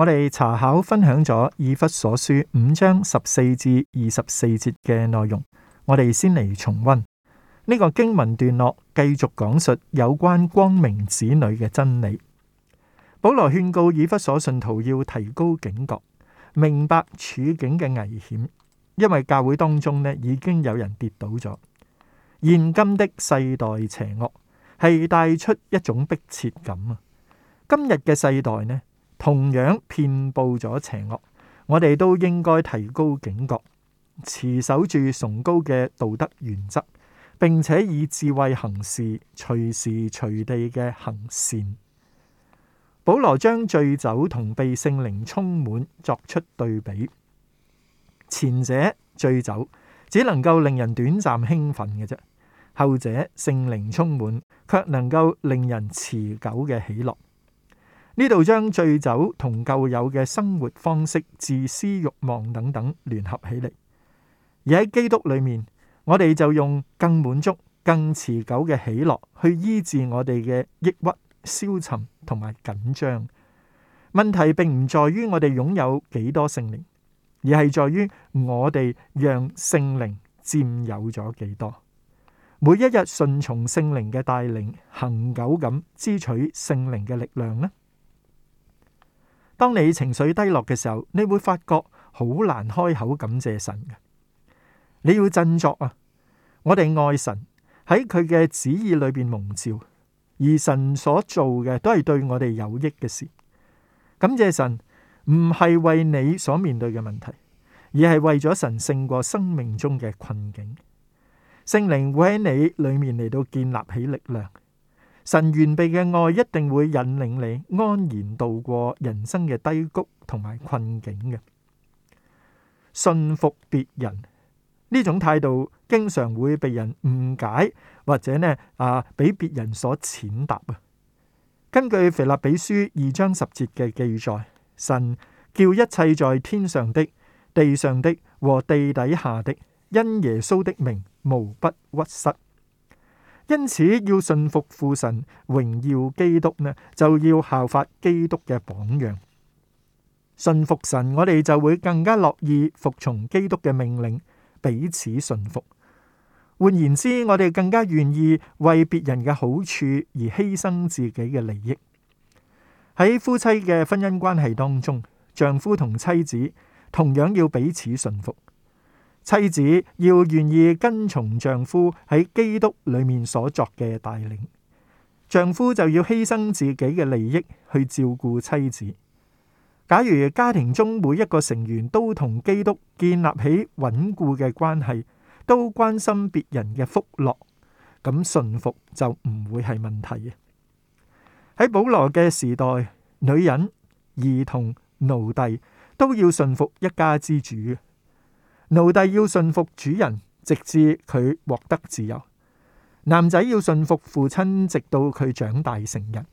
我哋查考分享咗以弗所書五章十四至二十四節嘅內容，我哋先嚟重温呢個經文段落，繼續講述有關光明子女嘅真理。保羅勸告以弗所信徒要提高警覺，明白處境嘅危險，因為教會當中呢已經有人跌倒咗。現今的世代邪惡係帶出一種迫切感啊！今日嘅世代呢？同樣遍佈咗邪惡，我哋都應該提高警覺，持守住崇高嘅道德原則，並且以智慧行事，隨時隨地嘅行善。保羅將醉酒同被聖靈充滿作出對比，前者醉酒只能夠令人短暫興奮嘅啫，後者聖靈充滿卻能夠令人持久嘅喜樂。呢度將醉酒同舊有嘅生活方式，自私欲望等等聯合起嚟，而喺基督裏面，我哋就用更滿足、更持久嘅喜樂去醫治我哋嘅抑鬱、消沉同埋緊張。問題並唔在於我哋擁有幾多聖靈，而係在於我哋讓聖靈佔有咗幾多。每一日順從聖靈嘅帶領，恒久咁支取聖靈嘅力量呢？當你情緒低落嘅時候，你會發覺好難開口感謝神嘅。你要振作啊！我哋愛神喺佢嘅旨意裏邊蒙召，而神所做嘅都係對我哋有益嘅事。感謝神，唔係為你所面對嘅問題，而係為咗神勝過生命中嘅困境。聖靈會喺你裏面嚟到建立起力量。神完備嘅愛一定會引領你安然度過人生嘅低谷同埋困境嘅。信服別人呢種態度經常會被人誤解或者呢啊，俾別人所踐踏啊。根據腓立比書二章十節嘅記載，神叫一切在天上的、地上的和地底下的，因耶穌的名，無不屈膝。」因此，要順服父神、榮耀基督呢，就要效法基督嘅榜樣。順服神，我哋就會更加樂意服從基督嘅命令，彼此順服。換言之，我哋更加願意為別人嘅好處而犧牲自己嘅利益。喺夫妻嘅婚姻關係當中，丈夫同妻子同樣要彼此順服。妻子要願意跟從丈夫喺基督裏面所作嘅帶領，丈夫就要犧牲自己嘅利益去照顧妻子。假如家庭中每一個成員都同基督建立起穩固嘅關係，都關心別人嘅福樂，咁順服就唔會係問題嘅。喺保羅嘅時代，女人、兒童、奴隸都要順服一家之主。奴隸要順服主人，直至佢獲得自由。男仔要順服父親，直到佢長大成人。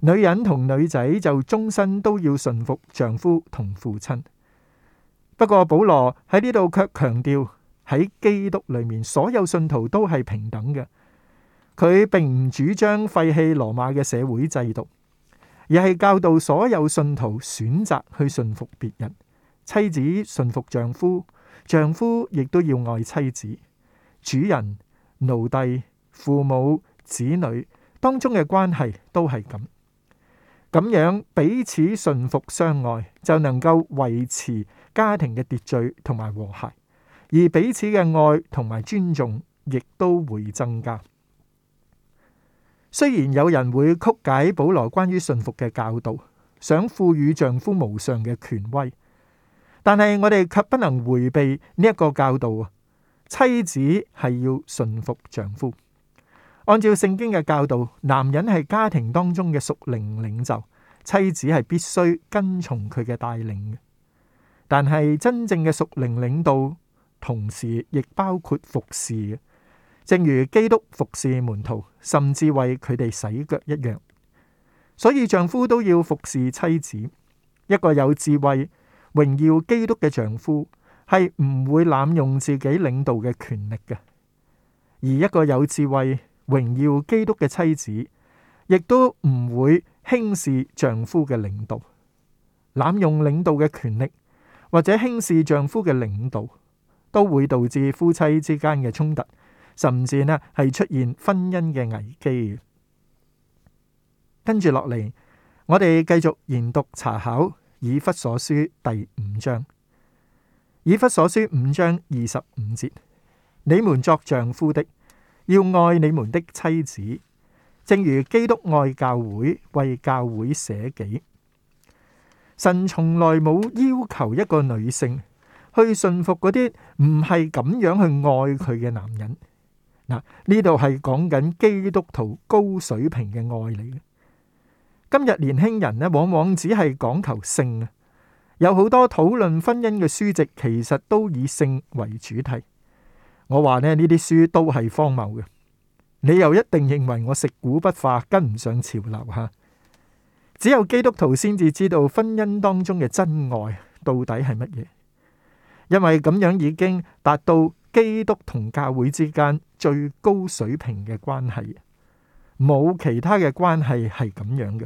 女人同女仔就終身都要順服丈夫同父親。不過保羅喺呢度卻強調喺基督裏面，所有信徒都係平等嘅。佢並唔主張廢棄羅馬嘅社會制度，而係教導所有信徒選擇去順服別人，妻子順服丈夫。丈夫亦都要愛妻子，主人、奴隸、父母、子女當中嘅關係都係咁，咁樣彼此順服相愛就能夠維持家庭嘅秩序同埋和諧，而彼此嘅愛同埋尊重亦都會增加。雖然有人會曲解保羅關於順服嘅教導，想賦予丈夫無上嘅權威。但係我哋卻不能回避呢一個教導啊，妻子係要順服丈夫。按照聖經嘅教導，男人係家庭當中嘅屬靈領袖，妻子係必須跟從佢嘅帶領嘅。但係真正嘅屬靈領導，同時亦包括服侍，正如基督服侍門徒，甚至為佢哋洗腳一樣。所以丈夫都要服侍妻子，一個有智慧。榮耀基督嘅丈夫係唔會濫用自己領導嘅權力嘅，而一個有智慧、榮耀基督嘅妻子，亦都唔會輕視丈夫嘅領導。濫用領導嘅權力或者輕視丈夫嘅領導，都會導致夫妻之間嘅衝突，甚至呢係出現婚姻嘅危機。跟住落嚟，我哋繼續研讀查考。以弗所書第五章，以弗所書五章二十五節：你們作丈夫的，要愛你們的妻子，正如基督愛教會，為教會捨己。神從來冇要求一個女性去順服嗰啲唔係咁樣去愛佢嘅男人。嗱，呢度係講緊基督徒高水平嘅愛嚟嘅。今日年輕人呢，往往只係講求性啊！有好多討論婚姻嘅書籍，其實都以性為主題。我話呢呢啲書都係荒謬嘅。你又一定認為我食古不化，跟唔上潮流吓？只有基督徒先至知道婚姻當中嘅真愛到底係乜嘢，因為咁樣已經達到基督同教會之間最高水平嘅關係，冇其他嘅關係係咁樣嘅。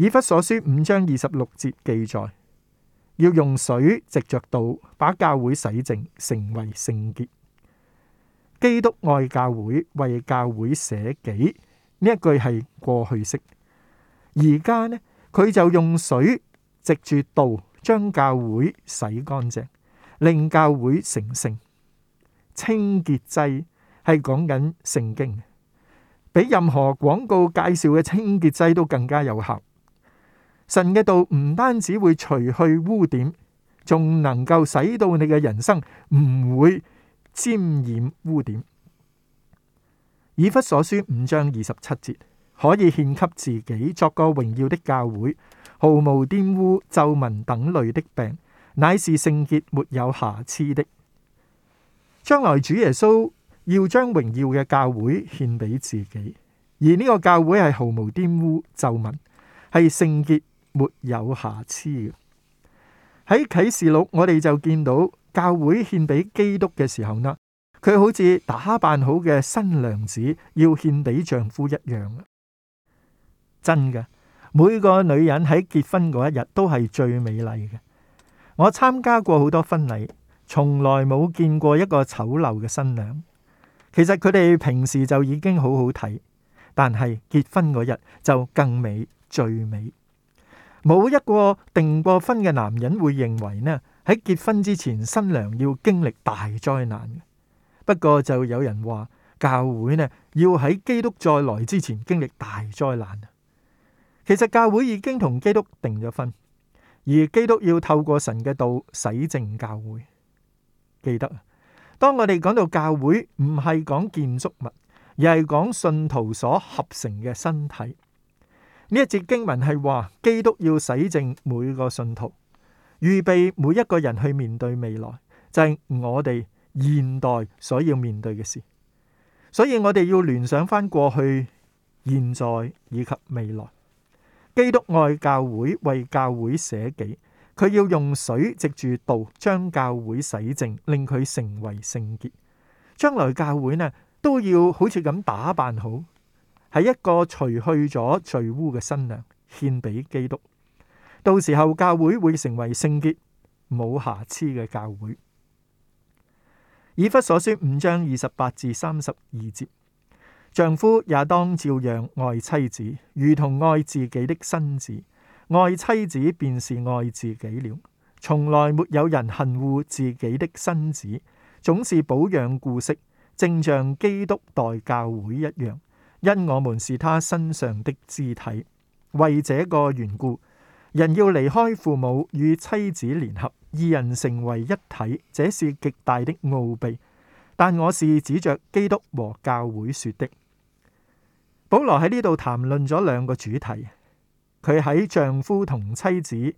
以弗所書五章二十六節記載，要用水藉着道把教會洗淨，成為聖潔。基督愛教會，為教會捨己。呢一句係過去式，而家呢，佢就用水藉住道將教會洗乾淨，令教會成聖。清潔劑係講緊聖經，比任何廣告介紹嘅清潔劑都更加有效。神嘅道唔單止會除去污點，仲能夠使到你嘅人生唔會沾染污點。以弗所書五章二十七節，可以獻給自己作個榮耀的教會，毫無玷污、皺紋等類的病，乃是聖潔、沒有瑕疵的。將來主耶穌要將榮耀嘅教會獻俾自己，而呢個教會係毫無玷污、皺紋，係聖潔。沒有瑕疵嘅。喺啟示錄，我哋就見到教會獻俾基督嘅時候呢，佢好似打扮好嘅新娘子要獻俾丈夫一樣，真嘅。每個女人喺結婚嗰一日都係最美麗嘅。我參加過好多婚禮，從來冇見過一個醜陋嘅新娘。其實佢哋平時就已經好好睇，但係結婚嗰日就更美，最美。冇一個訂過婚嘅男人會認為呢，喺結婚之前，新娘要經歷大災難嘅。不過就有人話教會呢，要喺基督再來之前經歷大災難。其實教會已經同基督訂咗婚，而基督要透過神嘅道洗淨教會。記得，當我哋講到教會，唔係講建築物，而係講信徒所合成嘅身體。呢一節經文係話基督要洗淨每個信徒，預備每一個人去面對未來，就係我哋現代所要面對嘅事。所以我哋要聯想翻過去、現在以及未來。基督愛教會，為教會捨己，佢要用水藉住道將教會洗淨，令佢成為聖潔。將來教會呢，都要好似咁打扮好。係一個除去咗罪污嘅新娘獻俾基督。到時候教會會成為聖潔、冇瑕疵嘅教會。以弗所書五章二十八至三十二節：丈夫也當照樣愛妻子，如同愛自己的身子；愛妻子便是愛自己了。從來沒有人恨惡自己的身子，總是保養顧惜，正像基督待教會一樣。因我們是他身上的肢體，為這個緣故，人要離開父母與妻子聯合，二人成為一體，這是極大的奧秘。但我是指着基督和教會說的。保羅喺呢度談論咗兩個主題，佢喺丈夫同妻子、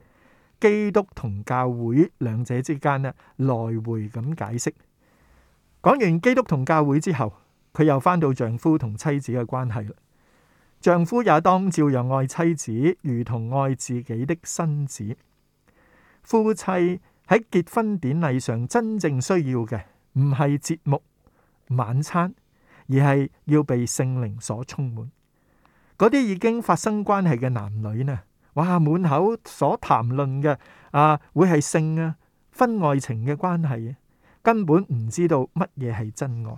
基督同教會兩者之間咧來回咁解釋。講完基督同教會之後。佢又返到丈夫同妻子嘅關係。丈夫也當照樣愛妻子，如同愛自己的身子。夫妻喺結婚典禮上真正需要嘅唔係節目晚餐，而係要被聖靈所充滿。嗰啲已經發生關係嘅男女呢？哇，滿口所談論嘅啊，會係性啊、婚外情嘅關係，根本唔知道乜嘢係真愛。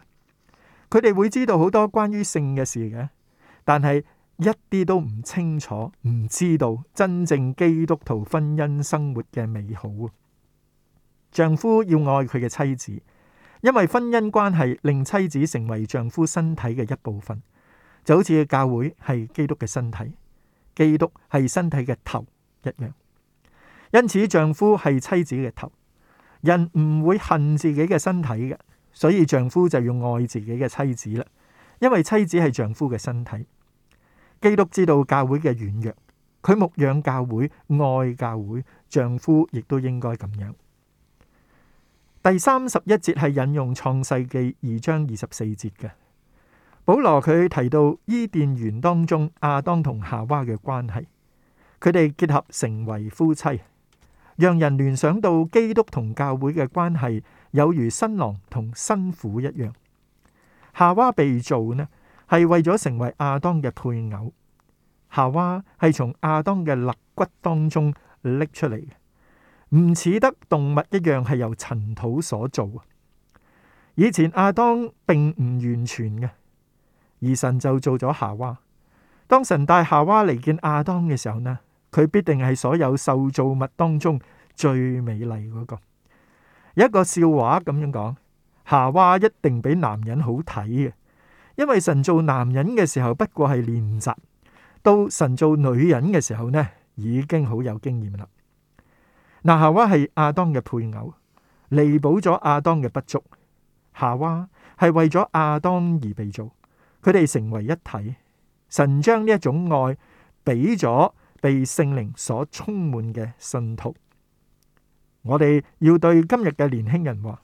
佢哋會知道好多關於性嘅事嘅，但係一啲都唔清楚，唔知道真正基督徒婚姻生活嘅美好。丈夫要愛佢嘅妻子，因為婚姻關係令妻子成為丈夫身體嘅一部分，就好似教會係基督嘅身體，基督係身體嘅頭一樣。因此，丈夫係妻子嘅頭，人唔會恨自己嘅身體嘅。所以丈夫就要愛自己嘅妻子啦，因為妻子係丈夫嘅身體。基督知道教會嘅軟弱，佢牧養教會、愛教會，丈夫亦都應該咁樣。第三十一節係引用創世記二章二十四節嘅。保羅佢提到伊甸園當中亞當同夏娃嘅關係，佢哋結合成為夫妻，讓人聯想到基督同教會嘅關係。有如新郎同新婦一樣，夏娃被造呢，係為咗成為亞當嘅配偶。夏娃係從亞當嘅肋骨當中拎出嚟嘅，唔似得動物一樣係由塵土所造。以前亞當並唔完全嘅，而神就造咗夏娃。當神帶夏娃嚟見亞當嘅時候呢，佢必定係所有受造物當中最美麗嗰個。一個笑話咁樣講，夏娃一定比男人好睇嘅，因為神做男人嘅時候不過係練習，到神做女人嘅時候呢，已經好有經驗啦。嗱，夏娃係亞當嘅配偶，彌補咗亞當嘅不足。夏娃係為咗亞當而被造，佢哋成為一體。神將呢一種愛俾咗被聖靈所充滿嘅信徒。我哋要對今日嘅年輕人話：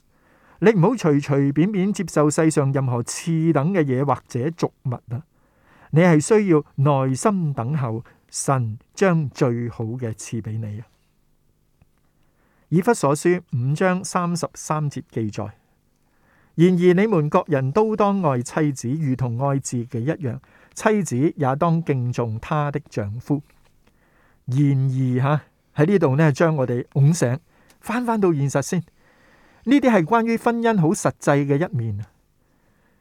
你唔好隨隨便便接受世上任何次等嘅嘢、或者俗物啊！你係需要耐心等候，神將最好嘅賜俾你啊！以弗所書五章三十三節記載：然而你們各人都當愛妻子，如同愛自己一樣；妻子也當敬重她的丈夫。然而吓喺呢度咧，將我哋拱醒。翻翻到現實先，呢啲係關於婚姻好實際嘅一面，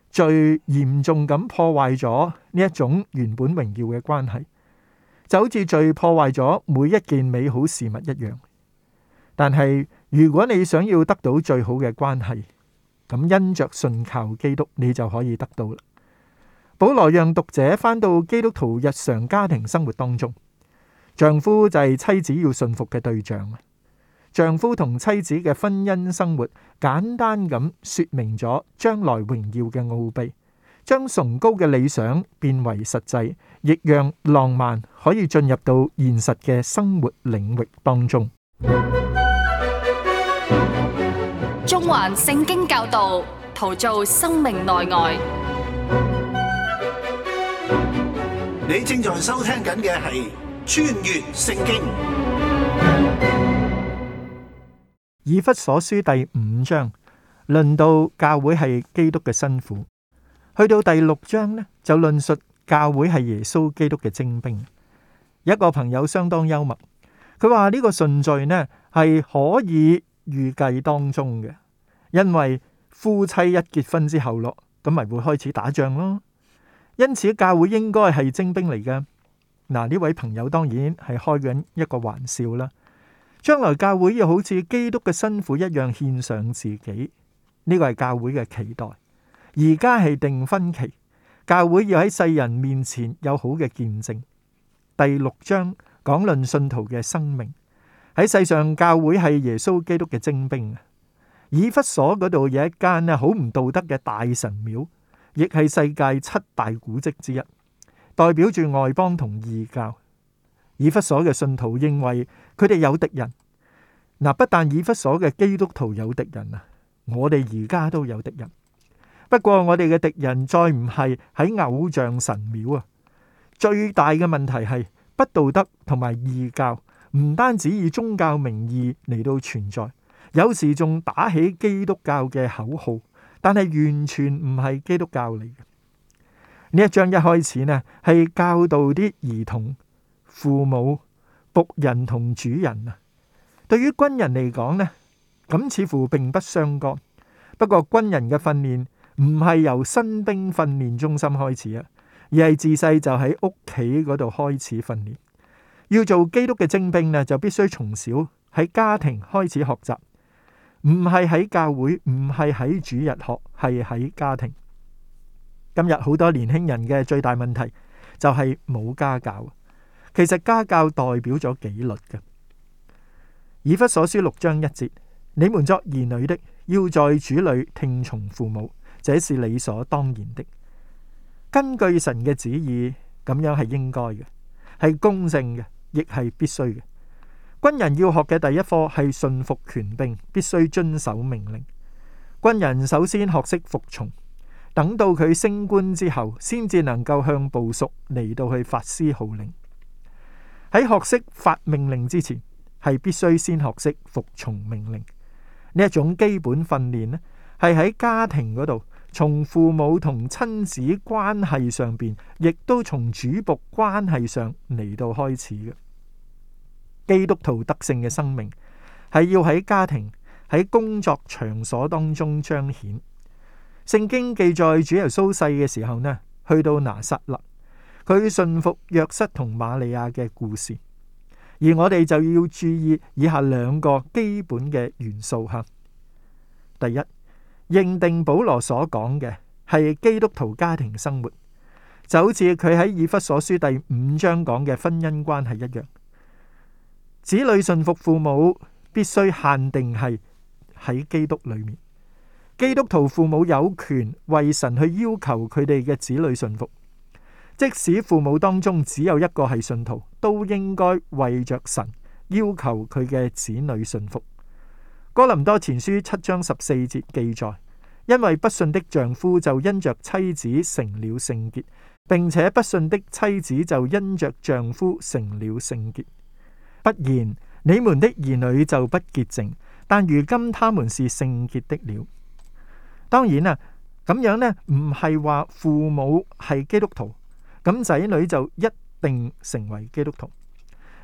罪嚴重咁破壞咗呢一種原本榮耀嘅關係，就好似罪破壞咗每一件美好事物一樣。但係如果你想要得到最好嘅關係，咁因着信靠基督，你就可以得到啦。保羅讓讀者翻到基督徒日常家庭生活當中，丈夫就係妻子要順服嘅對象。丈夫同妻子嘅婚姻生活，簡單咁說明咗將來榮耀嘅奧秘，將崇高嘅理想變為實際，亦讓浪漫可以進入到現實嘅生活領域當中。中環聖經教導，陶造生命內外。你正在收聽緊嘅係穿越聖經。以弗所書第五章論到教會係基督嘅新婦，去到第六章呢就論述教會係耶穌基督嘅精兵。一個朋友相當幽默，佢話呢個順序呢係可以預計當中嘅，因為夫妻一結婚之後咯，咁咪會開始打仗咯，因此教會應該係精兵嚟嘅。嗱，呢位朋友當然係開緊一個玩笑啦。將來教會要好似基督嘅新婦一樣獻上自己，呢個係教會嘅期待。而家係訂婚期，教會要喺世人面前有好嘅見證。第六章講論信徒嘅生命喺世上，教會係耶穌基督嘅精兵啊！以弗所嗰度有一間咧好唔道德嘅大神廟，亦係世界七大古蹟之一，代表住外邦同異教。以弗所嘅信徒認為。佢哋有敵人，嗱、啊、不但以弗所嘅基督徒有敵人啊，我哋而家都有敵人。不過我哋嘅敵人再唔係喺偶像神廟啊，最大嘅問題係不道德同埋異教，唔單止以宗教名義嚟到存在，有時仲打起基督教嘅口號，但係完全唔係基督教嚟嘅。呢一章一開始呢，係教導啲兒童父母。僕人同主人啊，對於軍人嚟講呢，咁似乎並不相干。不過軍人嘅訓練唔係由新兵訓練中心開始啊，而係自細就喺屋企嗰度開始訓練。要做基督嘅精兵呢，就必須從小喺家庭開始學習，唔係喺教會，唔係喺主日學，係喺家庭。今日好多年輕人嘅最大問題就係冇家教。其實家教代表咗紀律嘅。以弗所書六章一節，你們作兒女的，要在主裏聽從父母，這是理所當然的。根據神嘅旨意，咁樣係應該嘅，係公正嘅，亦係必須嘅。軍人要學嘅第一課係順服權兵，必須遵守命令。軍人首先學識服從，等到佢升官之後，先至能夠向部屬嚟到去發施號令。喺學識發命令之前，係必須先學識服從命令。呢一種基本訓練咧，係喺家庭嗰度，從父母同親子關係上邊，亦都從主僕關係上嚟到開始嘅。基督徒德性嘅生命，係要喺家庭、喺工作場所當中彰顯。聖經記載主耶穌世嘅時候呢，去到拿撒勒，佢順服約瑟同瑪利亞嘅故事，而我哋就要注意以下兩個基本嘅元素吓。第一，認定保羅所講嘅係基督徒家庭生活，就好似佢喺以弗所書第五章講嘅婚姻關係一樣。子女順服父母，必須限定係喺基督裏面。基督徒父母有權為神去要求佢哋嘅子女順服。即使父母當中只有一個係信徒，都應該為着神要求佢嘅子女信服。哥林多前書七章十四節記載：因為不信的丈夫就因着妻子成了聖潔，並且不信的妻子就因着丈夫成了聖潔。不然，你們的兒女就不潔淨，但如今他們是聖潔的了。當然啦，咁樣呢唔係話父母係基督徒。咁仔女就一定成為基督徒，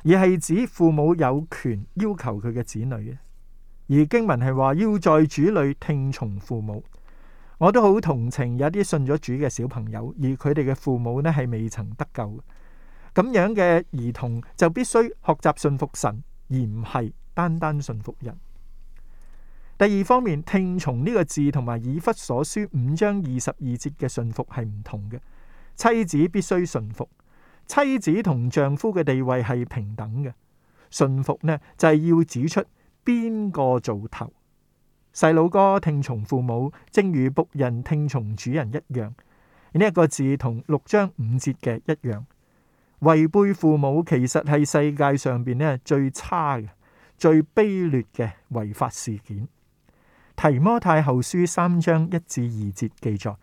而係指父母有權要求佢嘅子女。而經文係話要在主裏聽從父母。我都好同情有啲信咗主嘅小朋友，而佢哋嘅父母呢係未曾得救嘅。咁樣嘅兒童就必須學習信服神，而唔係單單信服人。第二方面，聽從呢個字同埋以弗所書五章二十二節嘅信服係唔同嘅。妻子必須順服，妻子同丈夫嘅地位係平等嘅。順服呢就係要指出邊個做頭。細佬哥聽從父母，正如僕人聽從主人一樣。呢一個字同六章五節嘅一樣。違背父母其實係世界上邊呢最差嘅、最卑劣嘅違法事件。提摩太後書三章一至二節記載。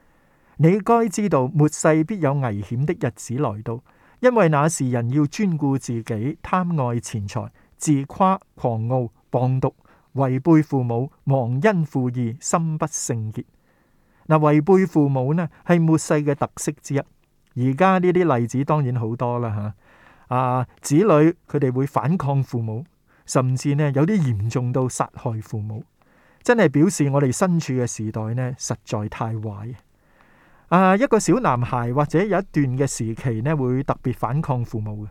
你該知道末世必有危險的日子來到，因為那時人要專顧自己，貪愛錢財，自誇狂傲，謗讟，違背父母，忘恩負義，心不聖潔。嗱，違背父母呢係末世嘅特色之一。而家呢啲例子當然好多啦吓啊，子女佢哋會反抗父母，甚至呢有啲嚴重到殺害父母，真係表示我哋身處嘅時代呢實在太壞。啊！一個小男孩或者有一段嘅時期咧，會特別反抗父母嘅，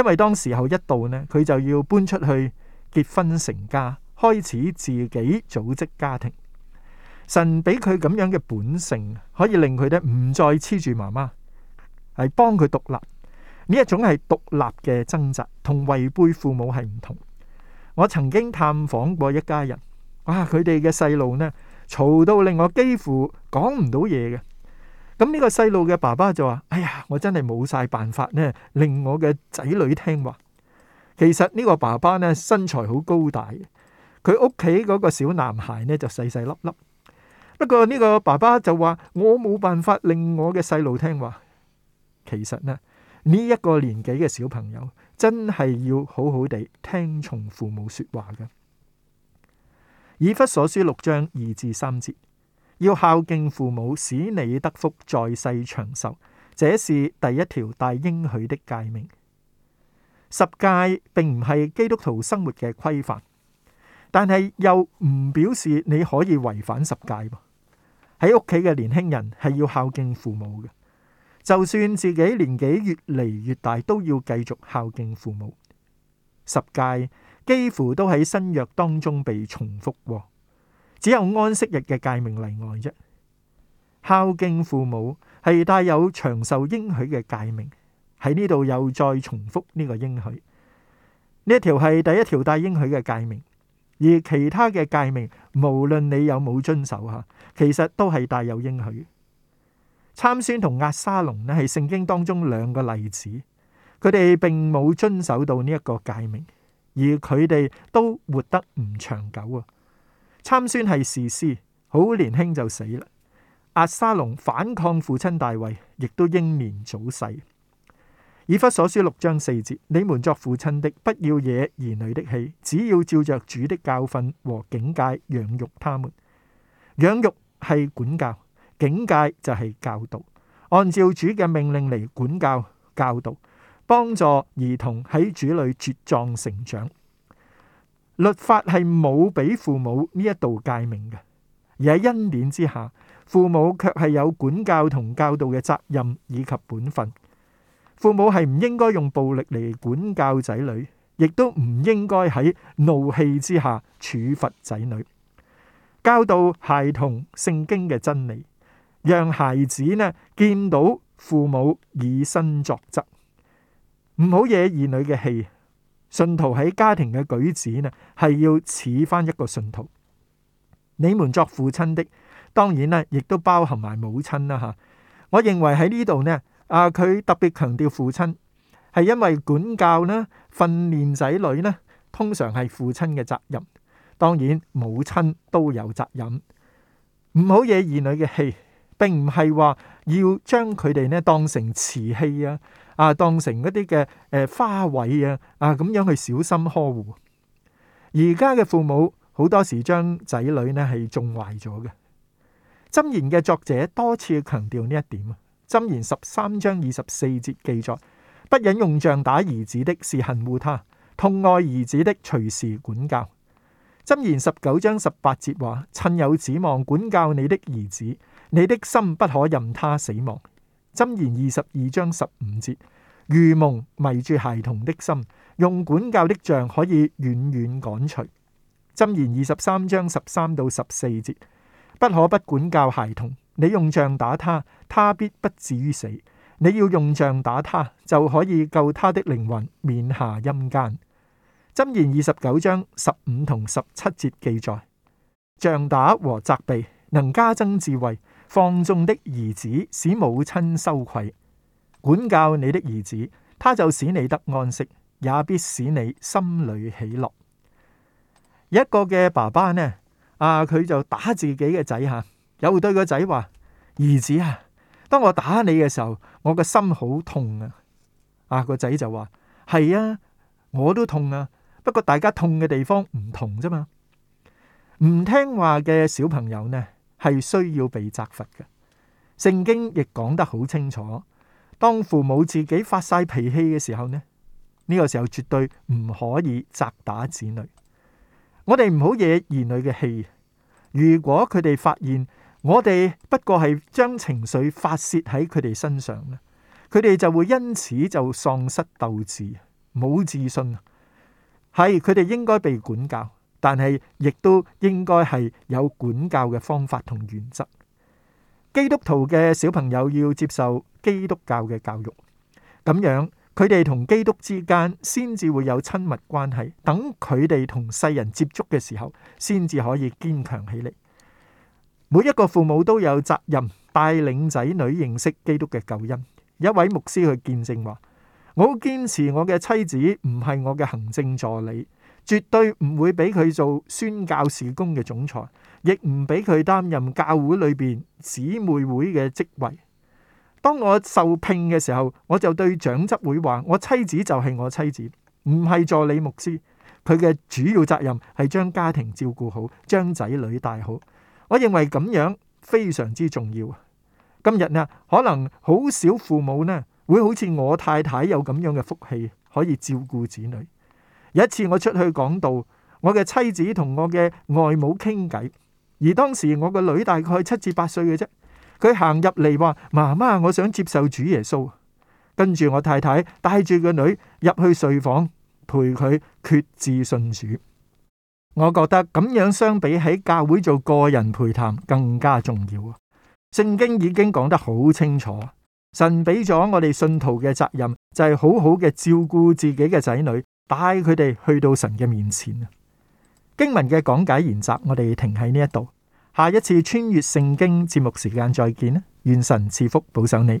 因為當時候一到呢，佢就要搬出去結婚成家，開始自己組織家庭。神俾佢咁樣嘅本性，可以令佢咧唔再黐住媽媽，係幫佢獨立。呢一種係獨立嘅掙扎，同違背父母係唔同。我曾經探訪過一家人，哇！佢哋嘅細路呢，嘈到令我幾乎講唔到嘢嘅。咁呢個細路嘅爸爸就話：哎呀，我真係冇晒辦法呢，令我嘅仔女聽話。其實呢個爸爸呢，身材好高大，佢屋企嗰個小男孩呢就細細粒粒。不過呢個爸爸就話：我冇辦法令我嘅細路聽話。其實呢，呢一個年紀嘅小朋友真係要好好地聽從父母說話嘅。以弗所書六章二至三節。要孝敬父母，使你得福，在世長壽。這是第一條大應許的誡命。十戒並唔係基督徒生活嘅規範，但係又唔表示你可以違反十戒。喺屋企嘅年輕人係要孝敬父母嘅，就算自己年紀越嚟越大，都要繼續孝敬父母。十戒幾乎都喺新約當中被重複。只有安息日嘅誡命例外啫。孝敬父母係帶有長壽應許嘅誡命。喺呢度又再重複呢個應許。呢一條係第一條帶應許嘅誡命。而其他嘅誡命，無論你有冇遵守吓，其實都係帶有應許。參孫同押沙龍咧，係聖經當中兩個例子，佢哋並冇遵守到呢一個誡命，而佢哋都活得唔長久啊。參孫係士師，好年輕就死啦。阿撒龍反抗父親大衛，亦都英年早逝。以弗所書六章四節：你們作父親的，不要惹兒女的氣，只要照着主的教訓和警戒養育他們。養育係管教，警戒就係教導，按照主嘅命令嚟管教、教導、幫助兒童喺主裏茁壯成長。律法係冇俾父母呢一度誡命嘅，而喺恩典之下，父母卻係有管教同教導嘅責任以及本分。父母係唔應該用暴力嚟管教仔女，亦都唔應該喺怒氣之下處罰仔女。教導孩童聖經嘅真理，讓孩子呢見到父母以身作則，唔好惹兒女嘅氣。信徒喺家庭嘅舉止呢，係要似翻一個信徒。你們作父親的，當然啦，亦都包含埋母親啦。吓，我認為喺呢度呢，啊，佢特別強調父親，係因為管教啦、訓練仔女呢，通常係父親嘅責任。當然，母親都有責任。唔好惹兒女嘅氣，並唔係話要將佢哋呢當成瓷器啊。啊，當成嗰啲嘅誒花蕊啊，啊咁樣去小心呵護。而家嘅父母好多時將仔女呢係縱壞咗嘅。箴言嘅作者多次強調呢一點啊。箴言十三章二十四節記載：不忍用杖打兒子的是恨惡他，疼愛兒子的隨時管教。箴言十九章十八節話：趁有指望管教你的兒子，你的心不可任他死亡。箴言二十二章十五節，愚蒙迷住孩童的心，用管教的杖可以遠遠趕除。箴言二十三章十三到十四節，不可不管教孩童，你用杖打他，他必不至於死；你要用杖打他，就可以救他的靈魂免下陰間。箴言二十九章十五同十七節記載，杖打和責備能加增智慧。放縱的兒子使母親羞愧，管教你的兒子，他就使你得安息，也必使你心裏喜樂。一個嘅爸爸呢，啊，佢就打自己嘅仔吓，有對個仔話：兒子啊，當我打你嘅時候，我個心好痛啊！啊，個仔就話：係呀、啊，我都痛啊，不過大家痛嘅地方唔同啫嘛。唔聽話嘅小朋友呢？係需要被責罰嘅。聖經亦講得好清楚，當父母自己發晒脾氣嘅時候呢，呢個時候絕對唔可以責打子女。我哋唔好惹兒女嘅氣。如果佢哋發現我哋不過係將情緒發洩喺佢哋身上咧，佢哋就會因此就喪失鬥志、冇自信。係佢哋應該被管教。但係，亦都應該係有管教嘅方法同原則。基督徒嘅小朋友要接受基督教嘅教育，咁樣佢哋同基督之間先至會有親密關係。等佢哋同世人接觸嘅時候，先至可以堅強起嚟。每一個父母都有責任帶領仔女認識基督嘅救恩。一位牧師去見證話：我堅持我嘅妻子唔係我嘅行政助理。絕對唔會俾佢做宣教事工嘅總裁，亦唔俾佢擔任教會裏邊姊妹會嘅職位。當我受聘嘅時候，我就對長執會話：我妻子就係我妻子，唔係助理牧師。佢嘅主要責任係將家庭照顧好，將仔女帶好。我認為咁樣非常之重要。今日呢，可能好少父母呢會好似我太太有咁樣嘅福氣，可以照顧子女。有一次我出去講道，我嘅妻子同我嘅外母傾偈，而當時我個女大概七至八歲嘅啫。佢行入嚟話：媽媽，我想接受主耶穌。跟住我太太帶住個女入去睡房陪佢決志信主。我覺得咁樣相比喺教會做個人陪談更加重要啊！聖經已經講得好清楚，神俾咗我哋信徒嘅責任就係好好嘅照顧自己嘅仔女。帶佢哋去到神嘅面前啊！經文嘅講解研習，我哋停喺呢一度。下一次穿越聖經節目時間再見啦！願神賜福保守你。